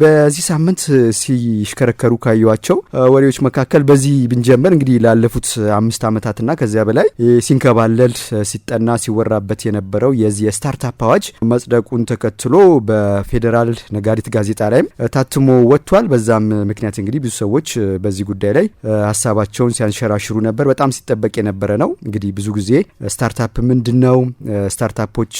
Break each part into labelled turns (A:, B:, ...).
A: በዚህ ሳምንት ሲሽከረከሩ ካየዋቸው ወሬዎች መካከል በዚህ ብንጀምር እንግዲህ ላለፉት አምስት ዓመታትና ከዚያ በላይ ሲንከባለል ሲጠና ሲወራበት የነበረው የዚህ የስታርታፕ አዋጅ መጽደቁን ተከትሎ በፌዴራል ነጋሪት ጋዜጣ ላይም ታትሞ ወጥቷል። በዛም ምክንያት እንግዲህ ብዙ ሰዎች በዚህ ጉዳይ ላይ ሀሳባቸውን ሲያንሸራሽሩ ነበር። በጣም ሲጠበቅ የነበረ ነው። እንግዲህ ብዙ ጊዜ ስታርታፕ ምንድን ነው? ስታርታፖች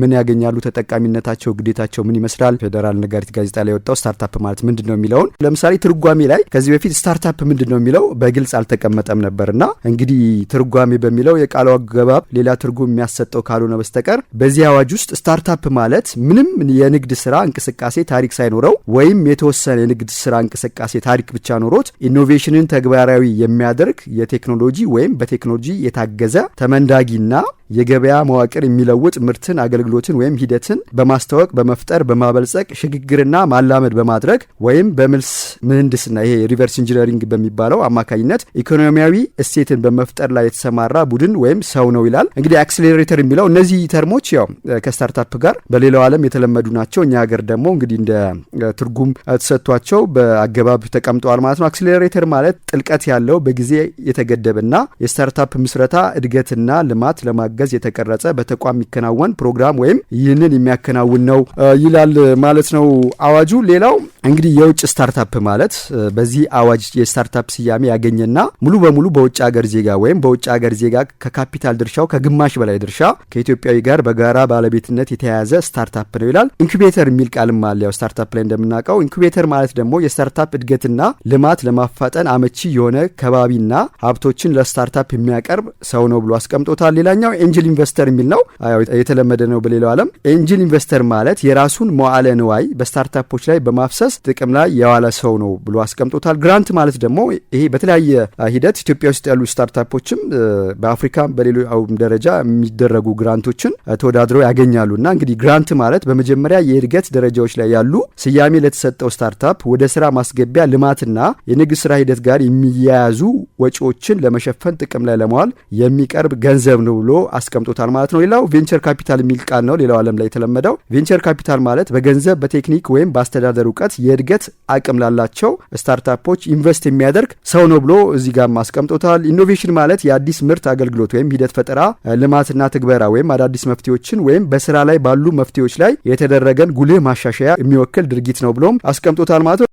A: ምን ያገኛሉ? ተጠቃሚነታቸው፣ ግዴታቸው ምን ይመስላል? ፌዴራል ነጋሪት ጋዜጣ ላይ ወጣው ስታርታፕ ማለት ምንድን ነው የሚለውን ለምሳሌ ትርጓሜ ላይ ከዚህ በፊት ስታርታፕ ምንድን ነው የሚለው በግልጽ አልተቀመጠም ነበርና እንግዲህ ትርጓሜ በሚለው የቃሉ አገባብ ሌላ ትርጉም የሚያሰጠው ካልሆነ በስተቀር በዚህ አዋጅ ውስጥ ስታርታፕ ማለት ምንም የንግድ ስራ እንቅስቃሴ ታሪክ ሳይኖረው ወይም የተወሰነ የንግድ ስራ እንቅስቃሴ ታሪክ ብቻ ኖሮት ኢኖቬሽንን ተግባራዊ የሚያደርግ የቴክኖሎጂ ወይም በቴክኖሎጂ የታገዘ ተመንዳጊና የገበያ መዋቅር የሚለውጥ ምርትን፣ አገልግሎትን ወይም ሂደትን በማስተዋወቅ በመፍጠር በማበልጸቅ ሽግግርና ማላመድ በማድረግ ወይም በምልስ ምህንድስና ይሄ ሪቨርስ ኢንጂነሪንግ በሚባለው አማካኝነት ኢኮኖሚያዊ እሴትን በመፍጠር ላይ የተሰማራ ቡድን ወይም ሰው ነው ይላል። እንግዲህ አክሴሌሬተር የሚለው እነዚህ ተርሞች ያው ከስታርታፕ ጋር በሌላው ዓለም የተለመዱ ናቸው። እኛ ሀገር ደግሞ እንግዲህ እንደ ትርጉም ተሰጥቷቸው በአገባብ ተቀምጠዋል ማለት ነው። አክሴሌሬተር ማለት ጥልቀት ያለው በጊዜ የተገደበና የስታርታፕ ምስረታ እድገትና ልማት ለማገ በማገዝ የተቀረጸ በተቋም የሚከናወን ፕሮግራም ወይም ይህንን የሚያከናውን ነው ይላል ማለት ነው አዋጁ። ሌላው እንግዲህ የውጭ ስታርታፕ ማለት በዚህ አዋጅ የስታርታፕ ስያሜ ያገኘና ሙሉ በሙሉ በውጭ ሀገር ዜጋ ወይም በውጭ ሀገር ዜጋ ከካፒታል ድርሻው ከግማሽ በላይ ድርሻ ከኢትዮጵያዊ ጋር በጋራ ባለቤትነት የተያያዘ ስታርታፕ ነው ይላል። ኢንኩቤተር የሚል ቃልም አለ። ያው ስታርታፕ ላይ እንደምናውቀው ኢንኩቤተር ማለት ደግሞ የስታርታፕ እድገትና ልማት ለማፋጠን አመቺ የሆነ ከባቢና ሀብቶችን ለስታርታፕ የሚያቀርብ ሰው ነው ብሎ አስቀምጦታል። ሌላኛው ኤንጅል ኢንቨስተር የሚል ነው፣ የተለመደ ነው በሌላው ዓለም። ኤንጅል ኢንቨስተር ማለት የራሱን መዋለ ንዋይ በስታርታፖች ላይ በማፍሰስ ድረስ ጥቅም ላይ የዋለ ሰው ነው ብሎ አስቀምጦታል። ግራንት ማለት ደግሞ ይሄ በተለያየ ሂደት ኢትዮጵያ ውስጥ ያሉ ስታርታፖችም በአፍሪካ በሌሎም ደረጃ የሚደረጉ ግራንቶችን ተወዳድረው ያገኛሉ እና እንግዲህ ግራንት ማለት በመጀመሪያ የእድገት ደረጃዎች ላይ ያሉ ስያሜ ለተሰጠው ስታርታፕ ወደ ስራ ማስገቢያ ልማትና የንግድ ስራ ሂደት ጋር የሚያያዙ ወጪዎችን ለመሸፈን ጥቅም ላይ ለመዋል የሚቀርብ ገንዘብ ነው ብሎ አስቀምጦታል ማለት ነው። ሌላው ቬንቸር ካፒታል የሚል ቃል ነው ሌላው ዓለም ላይ የተለመደው ቬንቸር ካፒታል ማለት በገንዘብ በቴክኒክ ወይም በአስተዳደር እውቀት የእድገት አቅም ላላቸው ስታርታፖች ኢንቨስት የሚያደርግ ሰው ነው ብሎ እዚህ ጋር ማስቀምጦታል። ኢኖቬሽን ማለት የአዲስ ምርት አገልግሎት ወይም ሂደት ፈጠራ፣ ልማትና ትግበራ ወይም አዳዲስ መፍትሄዎችን ወይም በስራ ላይ ባሉ መፍትሄዎች ላይ የተደረገን ጉልህ ማሻሻያ የሚወክል ድርጊት ነው ብሎም አስቀምጦታል ማለት ነው።